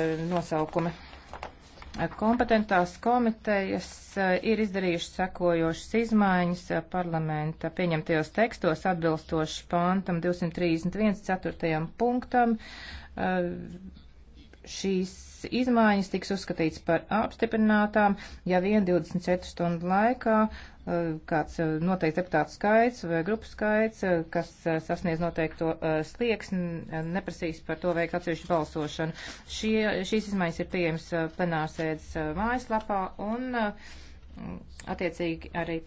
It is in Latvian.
Eh, nosaukumi. Eh, kompetentās komitejas eh, ir izdarījušas sekojošas izmaiņas parlamenta pieņemtajos tekstos atbilstoši pantam 231.4. punktam šīs izmaiņas tiks uzskatīts par apstiprinātām, ja vien 24 stundu laikā eh, kāds eh, noteikts deputāts skaits vai grupu skaits, eh, kas sasniedz noteikto slieksni, neprasīs par to veikt atsevišķu balsošanu. Šie, šīs izmaiņas ir pieejamas plenārsēdes mājaslapā un attiecīgi arī.